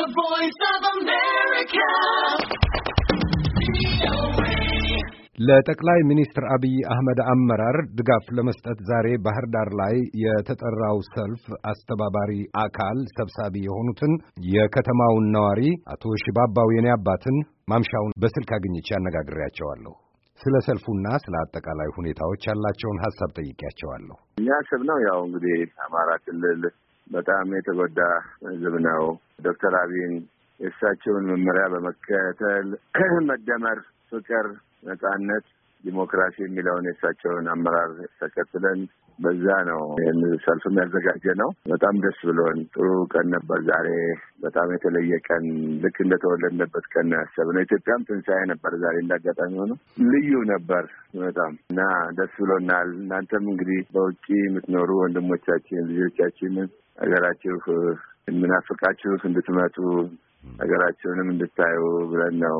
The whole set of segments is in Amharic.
The Voice of America. ለጠቅላይ ሚኒስትር አብይ አህመድ አመራር ድጋፍ ለመስጠት ዛሬ ባህር ዳር ላይ የተጠራው ሰልፍ አስተባባሪ አካል ሰብሳቢ የሆኑትን የከተማውን ነዋሪ አቶ ሽባባው የኔ አባትን ማምሻውን በስልክ አግኝቼ አነጋግሬያቸዋለሁ። ስለ ሰልፉና ስለ አጠቃላይ ሁኔታዎች ያላቸውን ሀሳብ ጠይቄያቸዋለሁ። እኛ ያሰብነው ያው እንግዲህ አማራ ክልል በጣም የተጎዳ ህዝብ ነው። ዶክተር አብይን የእሳቸውን መመሪያ በመከተል መደመር፣ ፍቅር፣ ነጻነት፣ ዲሞክራሲ የሚለውን የእሳቸውን አመራር ተከትለን በዛ ነው ይህን ሰልፍም ያዘጋጀ ነው። በጣም ደስ ብሎን ጥሩ ቀን ነበር ዛሬ። በጣም የተለየ ቀን ልክ እንደተወለድንበት ቀን ነው ኢትዮጵያም ትንሣኤ ነበር ዛሬ እንዳጋጣሚ ሆኖ ልዩ ነበር በጣም እና ደስ ብሎናል። እናንተም እንግዲህ በውጭ የምትኖሩ ወንድሞቻችን ልጆቻችንን ሀገራችሁ የምናፍቃችሁ እንድትመጡ Hmm. ሀገራችንንም እንድታዩ ብለን ነው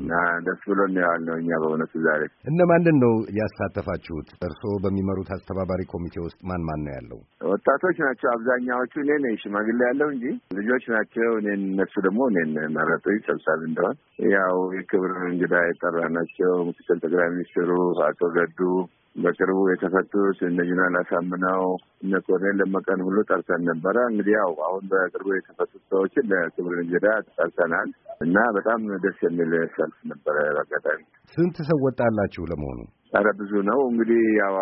እና ደስ እናየዋል ነው እኛ በእውነቱ ዛሬ። እነማንን ነው ያሳተፋችሁት? እርስዎ በሚመሩት አስተባባሪ ኮሚቴ ውስጥ ማን ማን ነው ያለው? ወጣቶች ናቸው አብዛኛዎቹ። እኔ ነኝ ሽማግሌ ያለው እንጂ ልጆች ናቸው። እኔን እነሱ ደግሞ እኔን መረጡኝ ሰብሳቢ እንደሆን። ያው የክብር እንግዳ የጠራ ናቸው ምክትል ጠቅላይ ሚኒስትሩ አቶ ገዱ በቅርቡ የተፈቱት እነ ጁናን አሳምነው እነ ኮርኔል ደመቀን ሁሉ ጠርተን ነበረ። እንግዲህ ያው አሁን በቅርቡ የተፈቱት ሰዎችን ለክብር እንግዳ ጠርተናል እና በጣም ደስ የሚል ሰልፍ ነበረ። በአጋጣሚ ስንት ሰው ወጣላችሁ ለመሆኑ? ኧረ ብዙ ነው እንግዲህ ያው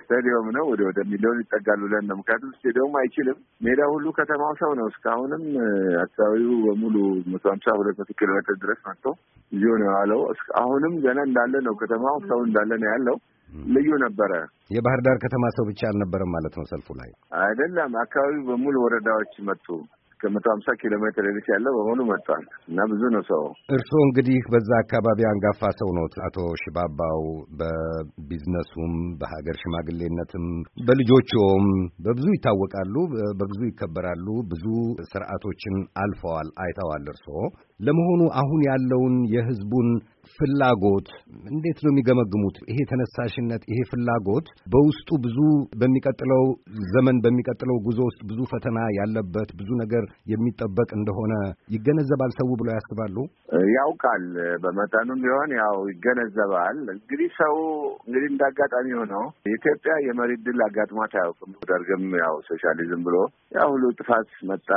ስታዲየም ነው ወደ ወደ ሚሊዮን ይጠጋሉ ለን ነው። ምክንያቱም ስታዲየም አይችልም ሜዳ ሁሉ ከተማው ሰው ነው። እስካሁንም አካባቢው በሙሉ መቶ ሀምሳ ሁለት መቶ ኪሎ ሜትር ድረስ መጥቶ እዚሁ ነው ያለው። አሁንም ገና እንዳለ ነው ከተማው ሰው እንዳለ ነው ያለው ልዩ ነበረ። የባህር ዳር ከተማ ሰው ብቻ አልነበረም ማለት ነው ሰልፉ ላይ አይደለም፣ አካባቢው በሙሉ ወረዳዎች መጡ። ከመቶ ሀምሳ ኪሎ ሜትር ርስ ያለው በሙሉ መጥቷል እና ብዙ ነው ሰው። እርስዎ እንግዲህ በዛ አካባቢ አንጋፋ ሰው ነው አቶ ሽባባው፣ በቢዝነሱም በሀገር ሽማግሌነትም በልጆችም በብዙ ይታወቃሉ፣ በብዙ ይከበራሉ። ብዙ ስርዓቶችን አልፈዋል፣ አይተዋል እርስዎ ለመሆኑ አሁን ያለውን የህዝቡን ፍላጎት እንዴት ነው የሚገመግሙት? ይሄ ተነሳሽነት፣ ይሄ ፍላጎት በውስጡ ብዙ በሚቀጥለው ዘመን በሚቀጥለው ጉዞ ውስጥ ብዙ ፈተና ያለበት ብዙ ነገር የሚጠበቅ እንደሆነ ይገነዘባል ሰው ብለው ያስባሉ? ያውቃል፣ በመጠኑም ቢሆን ያው ይገነዘባል። እንግዲህ ሰው እንግዲህ እንደ አጋጣሚ ሆነው የኢትዮጵያ የመሪ ድል አጋጥሟት አያውቅም። ደርግም ያው ሶሻሊዝም ብሎ ያው ሁሉ ጥፋት መጣ።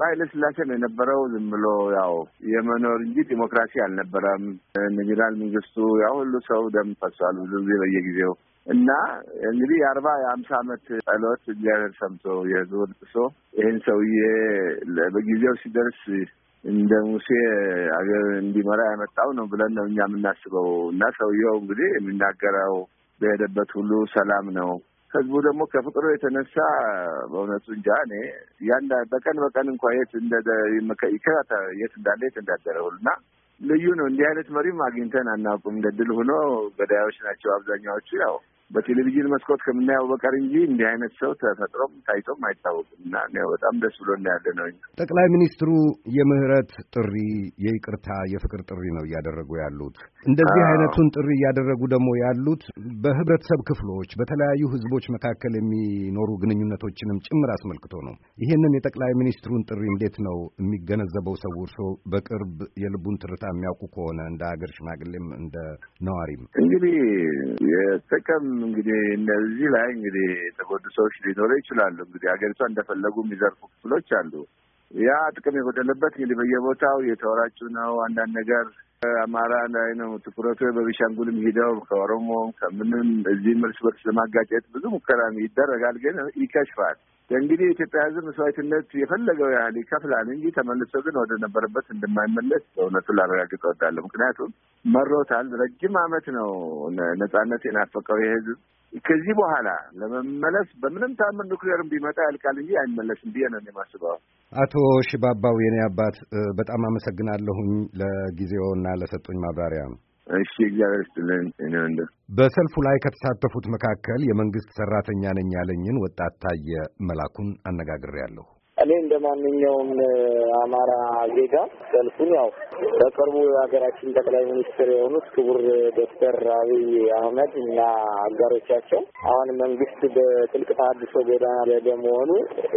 በኃይለ ነው የነበረው ዝም ብሎ ያው የመኖር እንጂ ዲሞክራሲ አልነበረም። ጄኔራል መንግስቱ ያ ሁሉ ሰው ደም ፈሷል ብዙ ጊዜ በየጊዜው እና እንግዲህ የአርባ የአምሳ ዓመት ጸሎት እግዚአብሔር ሰምቶ የህዝቡ ልቅሶ ይህን ሰውዬ በጊዜው ሲደርስ እንደ ሙሴ አገር እንዲመራ ያመጣው ነው ብለን ነው እኛ የምናስበው። እና ሰውየው እንግዲህ የሚናገረው በሄደበት ሁሉ ሰላም ነው ህዝቡ ደግሞ ከፍቅሩ የተነሳ በእውነቱ እንጃ እኔ ያን በቀን በቀን እንኳ የት ይከታተል የት እንዳለ የት እንዳደረውል እና ልዩ ነው። እንዲህ አይነት መሪም አግኝተን አናውቅም። እንደ ድል ሆኖ ገዳዮች ናቸው አብዛኛዎቹ ያው በቴሌቪዥን መስኮት ከምናየው በቀር እንጂ እንዲህ አይነት ሰው ተፈጥሮም ታይቶም አይታወቅም እና በጣም ደስ ብሎ እናያለ ነው። ጠቅላይ ሚኒስትሩ የምህረት ጥሪ፣ የይቅርታ፣ የፍቅር ጥሪ ነው እያደረጉ ያሉት። እንደዚህ አይነቱን ጥሪ እያደረጉ ደግሞ ያሉት በህብረተሰብ ክፍሎች፣ በተለያዩ ህዝቦች መካከል የሚኖሩ ግንኙነቶችንም ጭምር አስመልክቶ ነው። ይሄንን የጠቅላይ ሚኒስትሩን ጥሪ እንዴት ነው የሚገነዘበው ሰው? እርስዎ በቅርብ የልቡን ትርታ የሚያውቁ ከሆነ እንደ ሀገር ሽማግሌም እንደ ነዋሪም እንግዲህ የሰቀም እንግዲህ እነዚህ ላይ እንግዲህ የተጎዱ ሰዎች ሊኖረ ይችላሉ። እንግዲህ ሀገሪቷ እንደፈለጉ የሚዘርፉ ክፍሎች አሉ። ያ ጥቅም የጎደለበት እንግዲህ በየቦታው የተወራጩ ነው። አንዳንድ ነገር አማራ ላይ ነው ትኩረቱ። በቢሻንጉልም ሂደው ከኦሮሞ ከምንም እዚህም እርስ በርስ ለማጋጨት ብዙ ሙከራ ይደረጋል፣ ግን ይከሽፋል። እንግዲህ የኢትዮጵያ ሕዝብ መስዋዕትነት የፈለገው ያህል ይከፍላል እንጂ ተመልሶ ግን ወደ ነበረበት እንደማይመለስ በእውነቱ ላረጋግጥ እወዳለሁ። ምክንያቱም መሮታል። ረጅም ዓመት ነው ነጻነት የናፈቀው ይህ ሕዝብ ከዚህ በኋላ ለመመለስ በምንም ታምር ኑክሌርም ቢመጣ ያልቃል እንጂ አይመለስም ብዬ ነው የማስበው። አቶ ሽባባው የኔ አባት በጣም አመሰግናለሁኝ እና ለሰጡኝ ማብራሪያ። እሺ፣ እግዚአብሔር ይስጥልን። እኔ ወንድ በሰልፉ ላይ ከተሳተፉት መካከል የመንግስት ሰራተኛ ነኝ ያለኝን ወጣት ታየ መላኩን አነጋግሬያለሁ። እኔ እንደ ማንኛውም አማራ ዜጋ ሰልፉን ያው በቅርቡ የሀገራችን ጠቅላይ ሚኒስትር የሆኑት ክቡር ዶክተር አብይ አህመድ እና አጋሮቻቸው አሁን መንግስት በጥልቅ ተሃድሶ ጎዳና ላይ በመሆኑ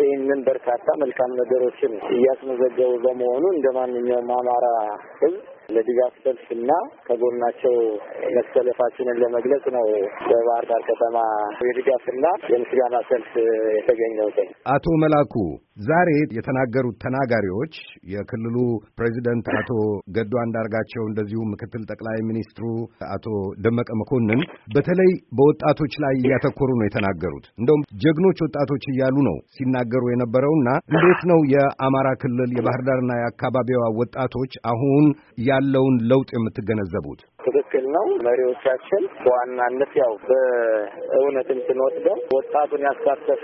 ይህንን በርካታ መልካም ነገሮችን እያስመዘገቡ በመሆኑ እንደ ማንኛውም አማራ ህዝብ ለድጋፍ ሰልፍ እና ከጎናቸው መሰለፋችንን ለመግለጽ ነው በባህር ዳር ከተማ የድጋፍና የምስጋና ሰልፍ የተገኘው። አቶ መላኩ ዛሬ የተናገሩት ተናጋሪዎች የክልሉ ፕሬዚደንት አቶ ገዱ አንዳርጋቸው፣ እንደዚሁ ምክትል ጠቅላይ ሚኒስትሩ አቶ ደመቀ መኮንን በተለይ በወጣቶች ላይ እያተኮሩ ነው የተናገሩት። እንደውም ጀግኖች ወጣቶች እያሉ ነው ሲናገሩ የነበረውና እንዴት ነው የአማራ ክልል የባህር ዳርና የአካባቢዋ ወጣቶች አሁን ያለውን ለውጥ የምትገነዘቡት? ትክክል ነው። መሪዎቻችን በዋናነት ያው በእውነትም ስንወስደው ወጣቱን ያሳተፈ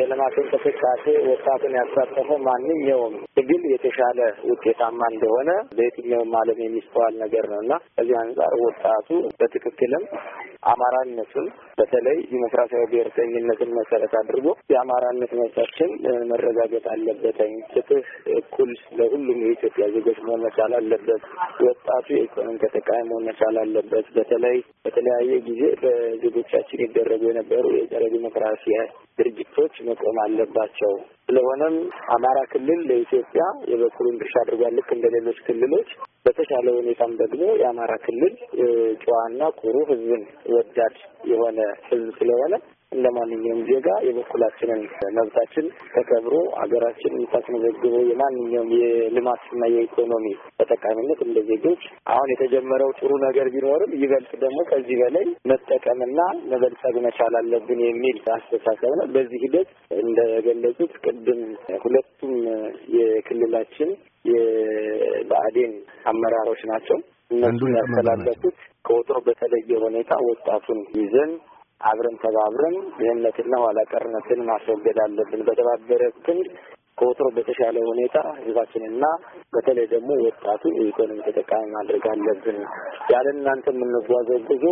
የልማት እንቅስቃሴ ወጣቱን ያሳተፈ ማንኛውም ትግል የተሻለ ውጤታማ እንደሆነ በየትኛውም ዓለም የሚስተዋል ነገር ነው እና ከዚህ አንጻር ወጣቱ በትክክልም አማራነቱን በተለይ ዲሞክራሲያዊ ብሔርተኝነትን መሰረት አድርጎ የአማራነት መብታችን መረጋገጥ አለበትኝ። ፍትህ እኩል ለሁሉም የኢትዮጵያ ዜጎች መሆን መቻል አለበት። ወጣቱ የኢኮኖሚ ተጠቃሚ መሆን መቻል አለበት። በተለይ በተለያየ ጊዜ በዜጎቻችን ይደረጉ የነበሩ የጸረ ዲሞክራሲያ ድርጅቶች መቆም አለባቸው። ስለሆነም አማራ ክልል ለኢትዮጵያ የበኩሉን ድርሻ አድርጓል፣ ልክ እንደ ሌሎች ክልሎች። በተሻለ ሁኔታም ደግሞ የአማራ ክልል ጨዋና ኩሩ ህዝብን ወዳድ የሆነ ህዝብ ስለሆነ እንደ ማንኛውም ዜጋ የበኩላችንን መብታችን ተከብሮ ሀገራችን የምታስመዘግበው የማንኛውም የልማትና የኢኮኖሚ ተጠቃሚነት እንደ ዜጎች አሁን የተጀመረው ጥሩ ነገር ቢኖርም ይበልጥ ደግሞ ከዚህ በላይ መጠቀምና መበልጸግ መቻል አለብን የሚል አስተሳሰብ ነው። በዚህ ሂደት እንደገለጹት ቅድም ሁለቱም የክልላችን የብአዴን አመራሮች ናቸው። እነሱ ያስተላለፉት ከወትሮ በተለየ ሁኔታ ወጣቱን ይዘን አብረን ተባብረን ድህነትና ኋላ ቀርነትን ማስወገድ አለብን። በተባበረ ክንድ ከወትሮ በተሻለ ሁኔታ ህዝባችንና በተለይ ደግሞ ወጣቱ የኢኮኖሚ ተጠቃሚ ማድረግ አለብን። ያለ እናንተ የምንጓዘው ጉዞ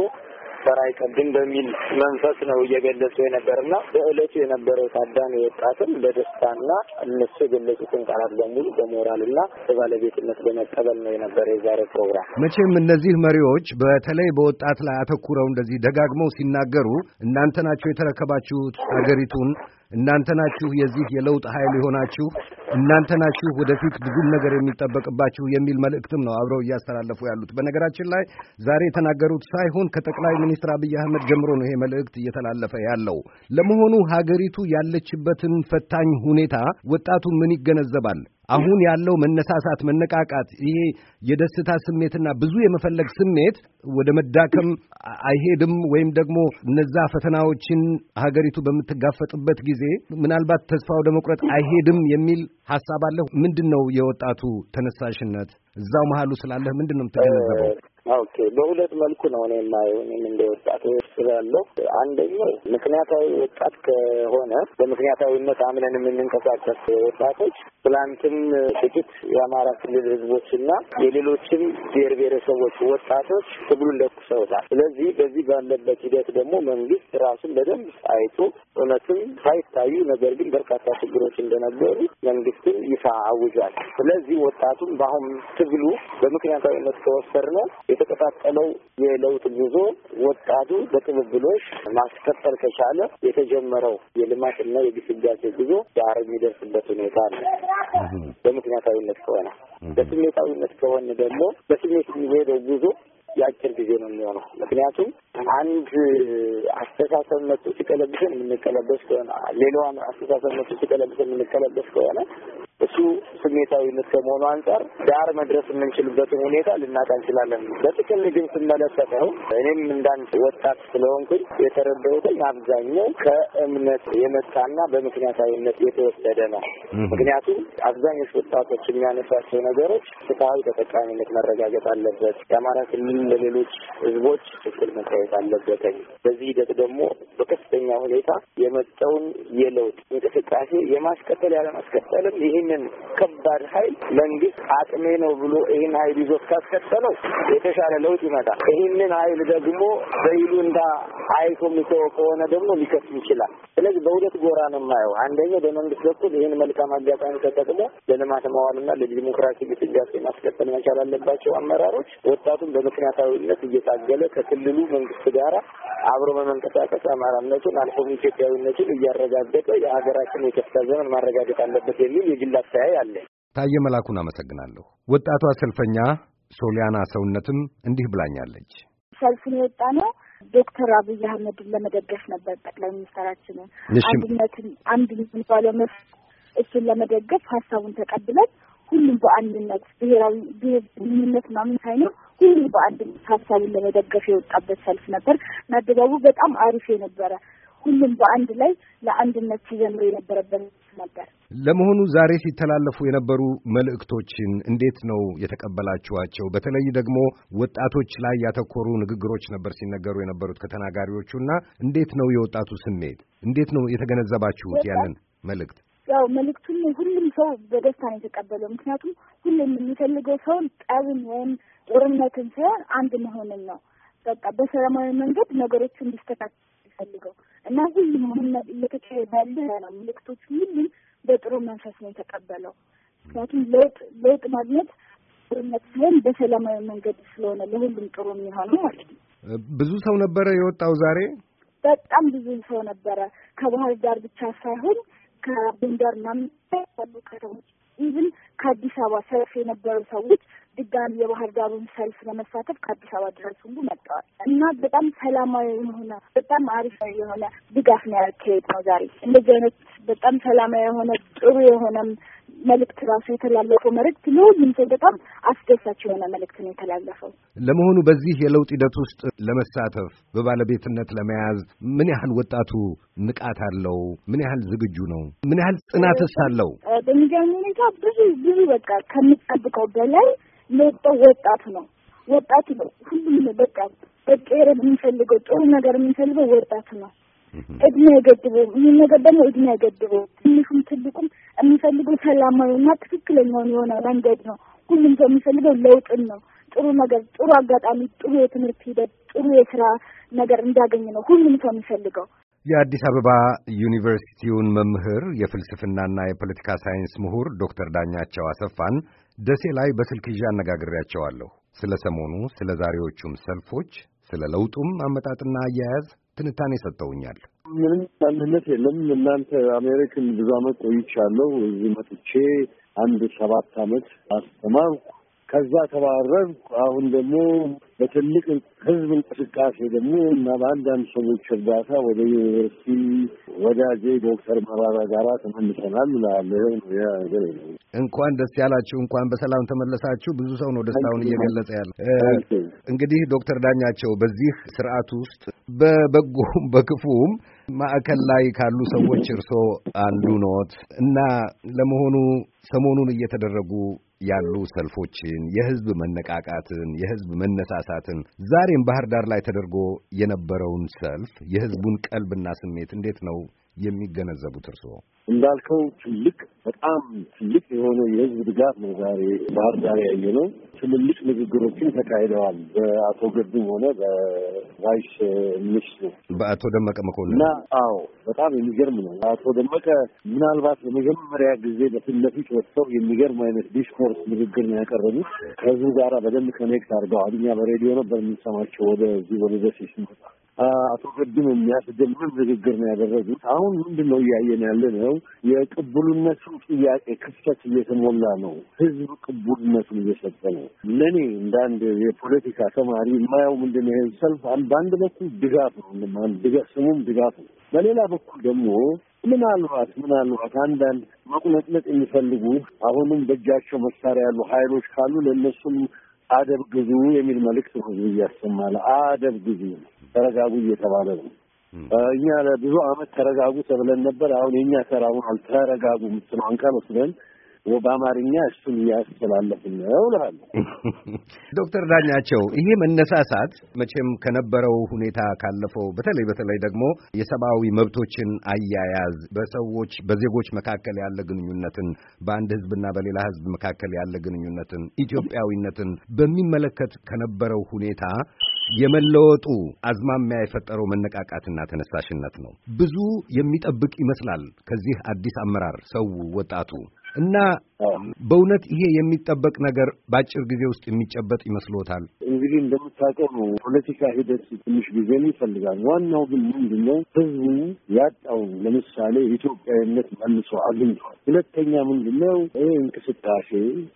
ተራይተብን በሚል መንፈስ ነው እየገለጹ የነበርና በእለቱ የነበረው ታዳሚ ወጣትም በደስታና እነሱ የገለጹትን ቃላት በሙሉ በሞራልና በባለቤትነት በመቀበል ነው የነበረ የዛሬ ፕሮግራም። መቼም እነዚህ መሪዎች በተለይ በወጣት ላይ አተኩረው እንደዚህ ደጋግመው ሲናገሩ እናንተ ናችሁ የተረከባችሁት ሀገሪቱን እናንተ ናችሁ የዚህ የለውጥ ኃይል የሆናችሁ እናንተ ናችሁ ወደፊት ብዙም ነገር የሚጠበቅባችሁ የሚል መልእክትም ነው አብረው እያስተላለፉ ያሉት። በነገራችን ላይ ዛሬ የተናገሩት ሳይሆን ከጠቅላይ ሚኒስትር አብይ አህመድ ጀምሮ ነው ይሄ መልእክት እየተላለፈ ያለው። ለመሆኑ ሀገሪቱ ያለችበትን ፈታኝ ሁኔታ ወጣቱ ምን ይገነዘባል? አሁን ያለው መነሳሳት፣ መነቃቃት፣ ይሄ የደስታ ስሜትና ብዙ የመፈለግ ስሜት ወደ መዳከም አይሄድም። ወይም ደግሞ እነዛ ፈተናዎችን ሀገሪቱ በምትጋፈጥበት ጊዜ ምናልባት ተስፋ ወደ መቁረጥ አይሄድም የሚል ሀሳብ አለሁ። ምንድን ነው የወጣቱ ተነሳሽነት? እዛው መሀሉ ስላለህ ምንድን ነው የምትገነዘበው? ኦኬ፣ በሁለት መልኩ ነው እኔ የማየው እንደ ወጣት አስባለሁ። አንደኛው ምክንያታዊ ወጣት ከሆነ በምክንያታዊነት አምነን የምንንቀሳቀስ ወጣቶች ትላንትም ጥቂት የአማራ ክልል ህዝቦችና የሌሎችም ብሔር ብሔረሰቦች ወጣቶች ትግሉን ለኩሰውታል። ስለዚህ በዚህ ባለበት ሂደት ደግሞ መንግስት ራሱን በደንብ አይቶ እውነትም ሳይታዩ ነገር ግን በርካታ ችግሮች እንደነበሩ መንግስትም ይፋ አውጇል። ስለዚህ ወጣቱም በአሁን ትግሉ በምክንያታዊነት ከወሰድነው የተቀጣጠለው የለውጥ ጉዞ ወጣቱ ቅብብሎች ማስቀጠል ከቻለ የተጀመረው የልማትና የግስጋሴ ጉዞ ዳር የሚደርስበት ሁኔታ ነው። በምክንያታዊነት ከሆነ በስሜታዊነት ከሆነ ደግሞ በስሜት የሚሄደው ጉዞ የአጭር ጊዜ ነው የሚሆነው። ምክንያቱም አንድ አስተሳሰብ መቶ ሲቀለብሰን የምንቀለበስ ከሆነ ሌላዋን አስተሳሰብ መቶ ሲቀለብሰን የምንቀለበስ ከሆነ እሱ ስሜታዊነት ከመሆኑ አንጻር ዳር መድረስ የምንችልበትን ሁኔታ ልናጣ እንችላለን። በጥቅል ግን ስመለከተው እኔም እንዳንድ ወጣት ስለሆንኩኝ የተረዳሁትን አብዛኛው ከእምነት የመጣና በምክንያታዊነት የተወሰደ ነው። ምክንያቱም አብዛኞች ወጣቶች የሚያነሳቸው ነገሮች ፍትሐዊ ተጠቃሚነት መረጋገጥ አለበት፣ የአማራ ክልል ለሌሎች ህዝቦች እኩል መታየት አለበትኝ። በዚህ ሂደት ደግሞ በከፍተኛ ሁኔታ የመጣውን የለውጥ እንቅስቃሴ የማስቀጠል ያለማስቀጠልም ይህን ይህንን ከባድ ኃይል መንግስት አቅሜ ነው ብሎ ይህን ኃይል ይዞ ካስከተለው የተሻለ ለውጥ ይመጣል። ይህንን ኃይል ደግሞ በይሉንታ አይቶ የሚተወው ከሆነ ደግሞ ሊከስም ይችላል። ስለዚህ በሁለት ጎራ ነው የማየው። አንደኛው በመንግስት በኩል ይህን መልካም አጋጣሚ ተጠቅሞ ለልማት መዋልና ለዲሞክራሲ ግስጋሴ ማስቀጠል መቻል አለባቸው አመራሮች። ወጣቱን በምክንያታዊነት እየታገለ ከክልሉ መንግስት ጋር አብሮ በመንቀሳቀስ አማራነቱን አልፎም ኢትዮጵያዊነቱን እያረጋገጠ የሀገራችን የከፍታ ዘመን ማረጋገጥ አለበት የሚል የግል የሚል አስተያየት አለ። ታየ መላኩን አመሰግናለሁ። ወጣቷ ሰልፈኛ ሶሊያና ሰውነትም እንዲህ ብላኛለች። ሰልፉን የወጣ ነው ዶክተር አብይ አህመድን ለመደገፍ ነበር። ጠቅላይ ሚኒስትራችንን አንድነትን አንድ ባለው መስ እሱን ለመደገፍ ሀሳቡን ተቀብለን ሁሉም በአንድነት ብሔራዊ ብሔርነት ምናምን ሳይኖር ሁሉም በአንድነት ሀሳቡን ለመደገፍ የወጣበት ሰልፍ ነበር እና ድባቡ በጣም አሪፍ የነበረ ሁሉም በአንድ ላይ ለአንድነት ሲዘምሩ የነበረበት ነበር። ለመሆኑ ዛሬ ሲተላለፉ የነበሩ መልእክቶችን እንዴት ነው የተቀበላችኋቸው? በተለይ ደግሞ ወጣቶች ላይ ያተኮሩ ንግግሮች ነበር ሲነገሩ የነበሩት ከተናጋሪዎቹ እና እንዴት ነው የወጣቱ ስሜት? እንዴት ነው የተገነዘባችሁት ያንን መልእክት? ያው መልእክቱን ሁሉም ሰው በደስታ ነው የተቀበለው። ምክንያቱም ሁሉም የሚፈልገው ሰውን ጠብን ወይም ጦርነትን ሳይሆን አንድ መሆንን ነው። በቃ በሰላማዊ መንገድ ነገሮችን እንዲስተካከል ይፈልገው እና ሁሉም መሀመድ ባለ ያለ ነው ምልክቶች ሁሉም በጥሩ መንፈስ ነው የተቀበለው። ምክንያቱም ለውጥ ለውጥ ማግኘት ጦርነት ሲሆን በሰላማዊ መንገድ ስለሆነ ለሁሉም ጥሩ የሚሆነው ማለት ነው። ብዙ ሰው ነበረ የወጣው ዛሬ በጣም ብዙ ሰው ነበረ። ከባህር ዳር ብቻ ሳይሆን ከጎንደር ምናምን ያሉ ከተሞች ኢቭን ከአዲስ አበባ ሰልፍ የነበሩ ሰዎች ድጋሚ የባህር ዳሩን ሰልፍ ለመሳተፍ ከአዲስ አበባ ድረስ ሁሉ መጥተዋል እና በጣም ሰላማዊ የሆነ በጣም አሪፍ የሆነ ድጋፍ ነው ያካሄድ ነው ዛሬ እንደዚህ አይነት በጣም ሰላማዊ የሆነ ጥሩ የሆነም መልእክት ራሱ የተላለፈው መልእክት ለሁሉም ሰው በጣም አስደሳች የሆነ መልእክት ነው የተላለፈው። ለመሆኑ በዚህ የለውጥ ሂደት ውስጥ ለመሳተፍ በባለቤትነት ለመያዝ ምን ያህል ወጣቱ ንቃት አለው? ምን ያህል ዝግጁ ነው? ምን ያህል ጽናትስ አለው? በሚገርም ሁኔታ ብዙ ብዙ በቃ ከምጠብቀው በላይ ለወጣው ወጣት ነው ወጣት ነው ሁሉም ነው። በቃ በቀየረ የምንፈልገው ጥሩ ነገር የምንፈልገው ወጣት ነው። እድሜ አይገድበውም። ይህ ነገር ደግሞ እድሜ አይገድበውም። ትንሹም ትልቁም የሚፈልገው ሰላማዊና ትክክለኛውን የሆነ መንገድ ነው። ሁሉም ሰው የሚፈልገው ለውጥን ነው። ጥሩ ነገር፣ ጥሩ አጋጣሚ፣ ጥሩ የትምህርት ሂደት፣ ጥሩ የስራ ነገር እንዳገኝ ነው ሁሉም ሰው የሚፈልገው። የአዲስ አበባ ዩኒቨርሲቲውን መምህር የፍልስፍናና የፖለቲካ ሳይንስ ምሁር ዶክተር ዳኛቸው አሰፋን ደሴ ላይ በስልክ ይዤ አነጋግሬያቸዋለሁ። ስለ ሰሞኑ፣ ስለ ዛሬዎቹም ሰልፎች፣ ስለ ለውጡም አመጣጥና አያያዝ ትንታኔ ሰጥተውኛል። ምንም አንድነት የለም። እናንተ አሜሪክን ብዙ አመት ቆይቻለሁ። እዚህ መጥቼ አንድ ሰባት አመት አስተማርኩ። ከዛ ተባረር። አሁን ደግሞ በትልቅ ህዝብ እንቅስቃሴ ደግሞ እና በአንዳንድ ሰዎች እርዳታ ወደ ዩኒቨርሲቲ ወዳጄ ዶክተር መራራ ጋራ ተመልሰናል ብለሃል። ነገር ነው። እንኳን ደስ ያላችሁ፣ እንኳን በሰላም ተመለሳችሁ። ብዙ ሰው ነው ደስታውን እየገለጸ ያለ። እንግዲህ ዶክተር ዳኛቸው በዚህ ስርዓት ውስጥ በበጎም በክፉም ማዕከል ላይ ካሉ ሰዎች እርሶ አንዱ ኖት እና ለመሆኑ ሰሞኑን እየተደረጉ ያሉ ሰልፎችን፣ የህዝብ መነቃቃትን፣ የህዝብ መነሳሳትን ዛሬም ባህር ዳር ላይ ተደርጎ የነበረውን ሰልፍ የህዝቡን ቀልብና ስሜት እንዴት ነው የሚገነዘቡት እርስዎ? እንዳልከው ትልቅ በጣም ትልቅ የሆነ የህዝብ ድጋፍ ነው ዛሬ ባህር ዳር ያየ ነው። ትልልቅ ንግግሮችን ተካሂደዋል በአቶ ገዱም ሆነ በቫይስ ሚኒስትሩ በአቶ ደመቀ መኮንን እና አዎ በጣም የሚገርም ነው። አቶ ደመቀ ምናልባት ለመጀመሪያ ጊዜ በፊት ለፊት ወጥተው የሚገርም አይነት ዲስኮርስ ንግግር ነው ያቀረቡት። ከህዝቡ ጋራ በደንብ ከኔክት አድርገዋል። እኛ በሬዲዮ ነበር የምንሰማቸው ወደዚህ ወደ ደሴ ስንመጣ አቶ ገድም የሚያስደምም ንግግር ነው ያደረጉት። አሁን ምንድን ነው እያየን ያለ ነው? የቅቡልነቱ ጥያቄ ክፍተት እየተሞላ ነው። ህዝብ ቅቡልነቱን እየሰጠ ነው። ለእኔ እንደ አንድ የፖለቲካ ተማሪ የማየው ምንድን ነው ይህን ሰልፍ በአንድ በኩል ድጋፍ ነው፣ ስሙም ድጋፍ ነው። በሌላ በኩል ደግሞ ምናልባት ምናልባት አንዳንድ መቁነጥነጥ የሚፈልጉ አሁንም በእጃቸው መሳሪያ ያሉ ሀይሎች ካሉ ለእነሱም አደብ ግዙ የሚል መልእክት ህዝብ እያሰማ እያሰማለ አደብ ግዙ፣ ተረጋጉ እየተባለ ነው። እኛ ለብዙ አመት ተረጋጉ ተብለን ነበር። አሁን የእኛ ተራውን አልተረጋጉ የምትለው አንቀል ወስደን በአማርኛ እሱን እያስተላለፍን ነው ዶክተር ዳኛቸው ይሄ መነሳሳት መቼም ከነበረው ሁኔታ ካለፈው በተለይ በተለይ ደግሞ የሰብአዊ መብቶችን አያያዝ በሰዎች በዜጎች መካከል ያለ ግንኙነትን በአንድ ህዝብና በሌላ ህዝብ መካከል ያለ ግንኙነትን ኢትዮጵያዊነትን በሚመለከት ከነበረው ሁኔታ የመለወጡ አዝማሚያ የፈጠረው መነቃቃትና ተነሳሽነት ነው። ብዙ የሚጠብቅ ይመስላል ከዚህ አዲስ አመራር ሰው ወጣቱ እና በእውነት ይሄ የሚጠበቅ ነገር በአጭር ጊዜ ውስጥ የሚጨበጥ ይመስሎታል? እንግዲህ እንደምታውቀው ፖለቲካ ሂደት ትንሽ ጊዜን ይፈልጋል። ዋናው ግን ምንድን ነው ህዝቡ ያጣው ለምሳሌ ኢትዮጵያዊነት መልሶ አግኝቷል። ሁለተኛ ምንድን ነው ይህ እንቅስቃሴ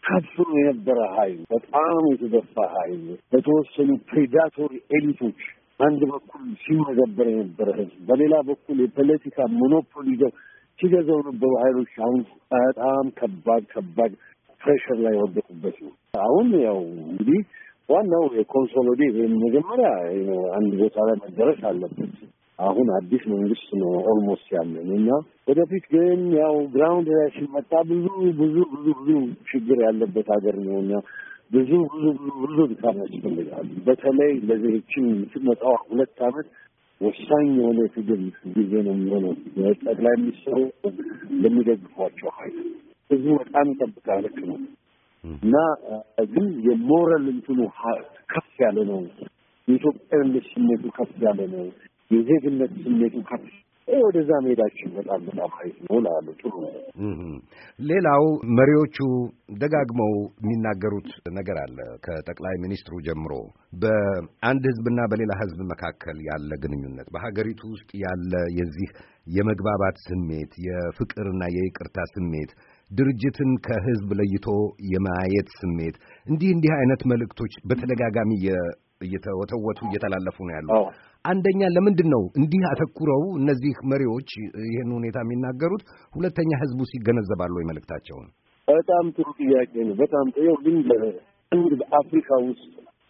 ታፍኖ የነበረ ኃይል በጣም የተገፋ ኃይል በተወሰኑ ፕሬዳቶሪ ኤሊቶች አንድ በኩል ሲመዘበር የነበረ ህዝብ፣ በሌላ በኩል የፖለቲካ ሞኖፖሊ ሲገዛው ነበሩ ኃይሎች አሁን በጣም ከባድ ከባድ ፕሬሽር ላይ ወደቁበት ነው። አሁን ያው እንግዲህ ዋናው የኮንሶሎዴ ወይም መጀመሪያ አንድ ቦታ ላይ መደረስ አለበት። አሁን አዲስ መንግስት ነው ኦልሞስት ያለን እና ወደፊት ግን ያው ግራውንድ ላይ ሲመጣ ብዙ ብዙ ብዙ ብዙ ችግር ያለበት ሀገር ነው እና ብዙ ብዙ ብዙ ብዙ ድካም ያስፈልጋል። በተለይ ለዚህችን የምትመጣው ሁለት አመት ወሳኝ የሆነ የትግል ጊዜ ነው የሚሆነው። ጠቅላይ ሚኒስትሩ ለሚደግፏቸው ሀይል ህዝቡ በጣም ይጠብቃል። ልክ ነው እና ግን የሞረል እንትኑ ከፍ ያለ ነው። የኢትዮጵያዊነት ስሜቱ ከፍ ያለ ነው። የዜግነት ስሜቱ ከፍ ወደዛ መሄዳችን በጣም በጣም ነው ላሉ ጥሩ ነው። ሌላው መሪዎቹ ደጋግመው የሚናገሩት ነገር አለ ከጠቅላይ ሚኒስትሩ ጀምሮ በአንድ ህዝብና በሌላ ህዝብ መካከል ያለ ግንኙነት፣ በሀገሪቱ ውስጥ ያለ የዚህ የመግባባት ስሜት፣ የፍቅርና የይቅርታ ስሜት ድርጅትን ከህዝብ ለይቶ የማየት ስሜት እንዲህ እንዲህ አይነት መልእክቶች በተደጋጋሚ እየተወተወቱ እየተላለፉ ነው ያሉት። አንደኛ ለምንድን ነው እንዲህ አተኩረው እነዚህ መሪዎች ይህን ሁኔታ የሚናገሩት? ሁለተኛ ህዝቡ ሲገነዘባሉ ወይ መልእክታቸውን? በጣም ጥሩ ጥያቄ ነው። በጣም ጥሩ ግን በአፍሪካ ውስጥ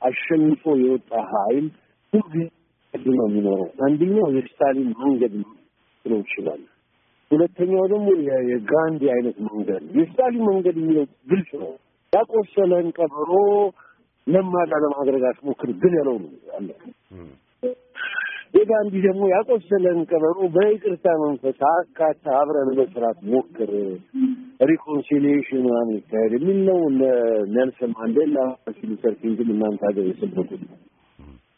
አሸንፎ የወጣ ኃይል ሁልጊዜ ነው የሚኖረው። አንደኛው የስታሊን መንገድ ነው ይችላል። ሁለተኛው ደግሞ የጋንዲ አይነት መንገድ። የስታሊን መንገድ የሚለው ግልጽ ነው። ያቆሰለን ቀበሮ ለማዳ ለማድረግ አትሞክር ግን ያለው ነው ያለ አደጋ እንዲህ ደግሞ ያቆሰለን ቀበሮ በይቅርታ መንፈስ አካታ አብረን መስራት ሞክር፣ ሪኮንሲሊሽን ምናምን ይካሄድ የሚል ነው። ኔልሰን ማንዴላ ማርቲን ኪንግም እናንተ ሀገር የሰበኩት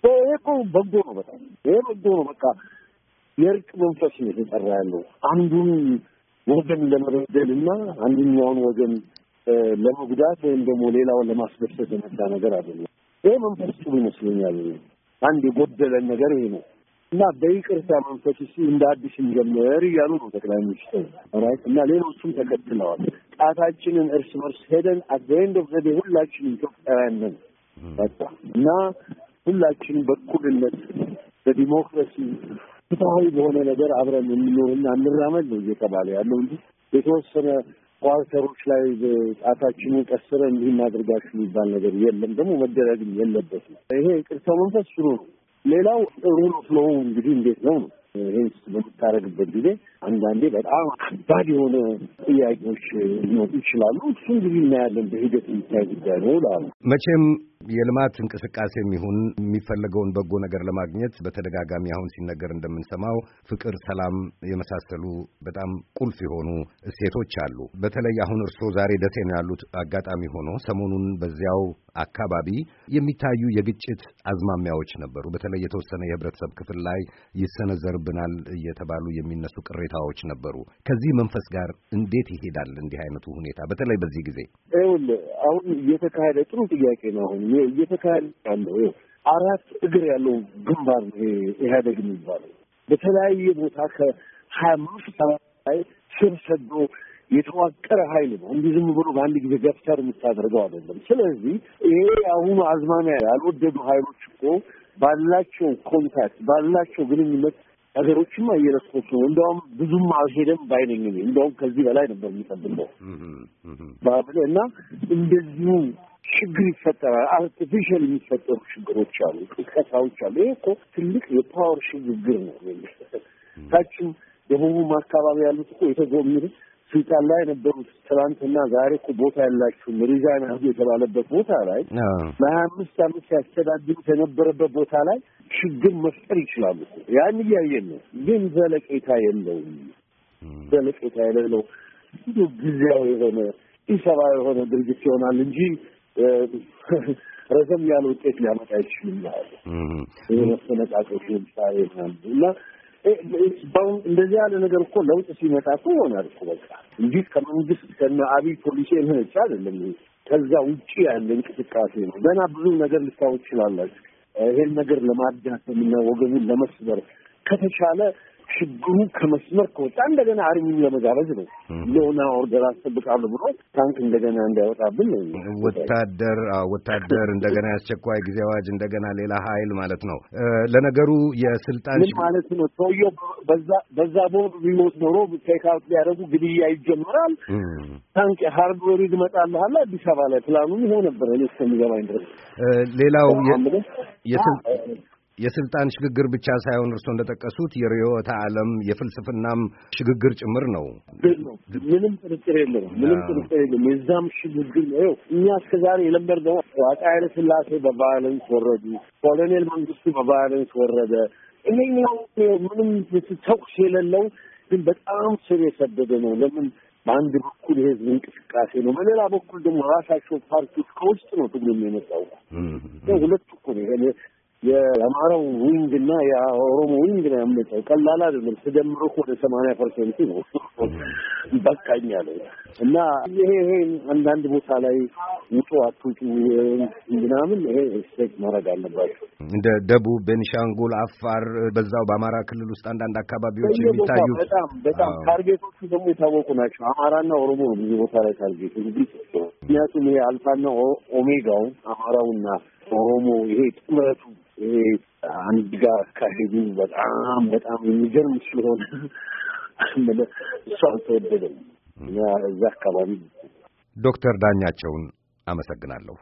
ይሄ እኮ በጎ ነው። በጣም ይሄ በጎ ነው። በቃ የእርቅ መንፈስ ነው የተጠራ ያለው አንዱን ወገን ለመበደል እና አንድኛውን ወገን ለመጉዳት ወይም ደግሞ ሌላውን ለማስደሰት የመጣ ነገር አይደለም። ይሄ መንፈስ ጥሩ ይመስለኛል። አንድ የጎደለን ነገር ይሄ ነው። እና በይቅርታ መንፈስ እሱ እንደ አዲስ እንጀምር እያሉ ነው ጠቅላይ ሚኒስትር ራይት እና ሌሎቹም ተከትለዋል። ጣታችንን እርስ በርስ ሄደን አዘንዶ ዘዴ ሁላችን ኢትዮጵያውያን ነን እና ሁላችን በኩልነት በዲሞክራሲ ፍትሐዊ በሆነ ነገር አብረን የምኖርና እንራመድ ነው እየተባለ ያለው እንጂ የተወሰነ ኳርተሮች ላይ ጣታችንን ቀስረ እንዲህ እናድርጋችሁ የሚባል ነገር የለም። ደግሞ መደረግም የለበትም። ይሄ ይቅርታው መንፈስ ስሩ ነው። ሌላው ሩል ኦፍ ሎው እንግዲህ እንዴት ነው ነው ይህን በምታደርግበት ጊዜ አንዳንዴ በጣም ከባድ የሆነ ጥያቄዎች ሊመጡ ይችላሉ። እሱ እንግዲህ እናያለን በሂደት የሚታይ ጉዳይ ነው ላሉ መቼም የልማት እንቅስቃሴ የሚሆን የሚፈለገውን በጎ ነገር ለማግኘት በተደጋጋሚ አሁን ሲነገር እንደምንሰማው ፍቅር፣ ሰላም የመሳሰሉ በጣም ቁልፍ የሆኑ እሴቶች አሉ። በተለይ አሁን እርስዎ ዛሬ ደሴ ነው ያሉት። አጋጣሚ ሆኖ ሰሞኑን በዚያው አካባቢ የሚታዩ የግጭት አዝማሚያዎች ነበሩ። በተለይ የተወሰነ የህብረተሰብ ክፍል ላይ ይሰነዘርብናል እየተባሉ የሚነሱ ቅሬታዎች ነበሩ። ከዚህ መንፈስ ጋር እንዴት ይሄዳል እንዲህ አይነቱ ሁኔታ በተለይ በዚህ ጊዜ? ይኸውልህ አሁን እየተካሄደ ጥሩ ጥያቄ ነው አሁን እየተካሄደ ያለው አራት እግር ያለው ግንባር ኢህአዴግ የሚባለው በተለያየ ቦታ ከሀያ አምስት ላይ ስር ሰዶ የተዋቀረ ኃይል ነው። እንዲህ ዝም ብሎ በአንድ ጊዜ ገፍተር የምታደርገው አይደለም። ስለዚህ ይሄ አሁኑ አዝማሚያ ያልወደዱ ኃይሎች እኮ ባላቸው ኮንታክት፣ ባላቸው ግንኙነት ነገሮችም እየረስኮች ነው። እንደውም ብዙም አልሄደም ባይነኝ እንደውም ከዚህ በላይ ነበር የሚጠብቀው እና እንደዚሁ ችግር ይፈጠራል። አርቲፊሻል የሚፈጠሩ ችግሮች አሉ፣ ቅቀሳዎች አሉ። ይሄ እኮ ትልቅ የፓወር ሽግግር ነው። ታችም ደቡቡም አካባቢ ያሉት እኮ የተጎሚሩት ስልጣን ላይ የነበሩት ትላንትና ዛሬ እኮ ቦታ ያላችሁ ሪዛይን አድርጉ የተባለበት ቦታ ላይ ለሀያ አምስት አምስት ሲያስተዳድሩት የነበረበት ቦታ ላይ ችግር መፍጠር ይችላሉ። ያን እያየን ነው። ግን ዘለቄታ የለውም። ዘለቄታ የሌለው ብዙ ጊዜያዊ የሆነ ኢሰብአዊ የሆነ ድርጅት ይሆናል እንጂ ረዘም ያለ ውጤት ሊያመጣ አይችልም። ያለ መፈነጣጦች ለምሳሌ እና እንደዚህ ያለ ነገር እኮ ለውጥ ሲመጣ እኮ ይሆናል እኮ በቃ እንዲህ ከመንግስት ከነ አብይ ፖሊሲ የምህጫ አይደለም። ከዛ ውጭ ያለ እንቅስቃሴ ነው። ገና ብዙ ነገር ልታወቅ ይችላላችሁ። ይሄን ነገር ለማዳከም እና ወገቡን ለመስበር ከተቻለ ችግሩ ከመስመር ከወጣ እንደገና አርሚው ለመጋበዝ ነው። የሆነ ኦርደር አስጠብቃሉ ብሎ ታንክ እንደገና እንዳይወጣብን ወታደር ወታደር እንደገና የአስቸኳይ ጊዜ አዋጅ እንደገና ሌላ ሀይል ማለት ነው። ለነገሩ የስልጣን ምን ማለት ነው? ሰውየው በዛ በዛ ቦምብ ቢሞት ኖሮ ቴክአውት ሊያደርጉ ግድያ ይጀምራል። ታንክ ሃርድዌር ይመጣልሃል አዲስ አበባ ላይ ፕላኑም ይኸው ነበረ እኔ እስከሚገባኝ ድረስ ሌላው የስልጣን ሽግግር ብቻ ሳይሆን እርስዎ እንደጠቀሱት የርዕዮተ ዓለም የፍልስፍናም ሽግግር ጭምር ነው። ምንም ጥርጥር የለም። ምንም ጥርጥር የለም። የዛም ሽግግር ነው። እኛ እስከዛሬ የለመድነው አፄ ኃይለ ሥላሴ በቫዮለንስ ወረዱ፣ ኮሎኔል መንግስቱ በቫዮለንስ ወረደ። እኔ ምንም ተኩስ የሌለው ግን በጣም ስር የሰደደ ነው። ለምን በአንድ በኩል የህዝብ እንቅስቃሴ ነው፣ በሌላ በኩል ደግሞ ራሳቸው ፓርቲዎች ከውስጥ ነው ትግሉ የሚመጣው። ሁለቱ እኮ ነው የአማራው ዊንግ እና የኦሮሞ ዊንግ ነው የምንለው። ቀላል አይደለም። ስደምሮ ወደ ሰማንያ ፐርሰንት ነው። በቃኝ አለ እና ይሄ ይሄ አንዳንድ ቦታ ላይ ውጡ አትውጡ ምናምን ይሄ ስቴክ ማድረግ አለባቸው። እንደ ደቡብ፣ ቤኒሻንጉል፣ አፋር በዛው በአማራ ክልል ውስጥ አንዳንድ አካባቢዎች የሚታዩ በጣም በጣም ታርጌቶቹ ደግሞ የታወቁ ናቸው። አማራና ኦሮሞ ነው ብዙ ቦታ ላይ ታርጌት እንግዲህ ምክንያቱም ይሄ አልፋና ኦሜጋው አማራውና ኦሮሞ ይሄ ጥምረቱ ይሄ አንድ ጋር ካሄዱ በጣም በጣም የሚገርም ስለሆነ እሱ አልተወደደም። እኛ እዛ አካባቢ ዶክተር ዳኛቸውን አመሰግናለሁ።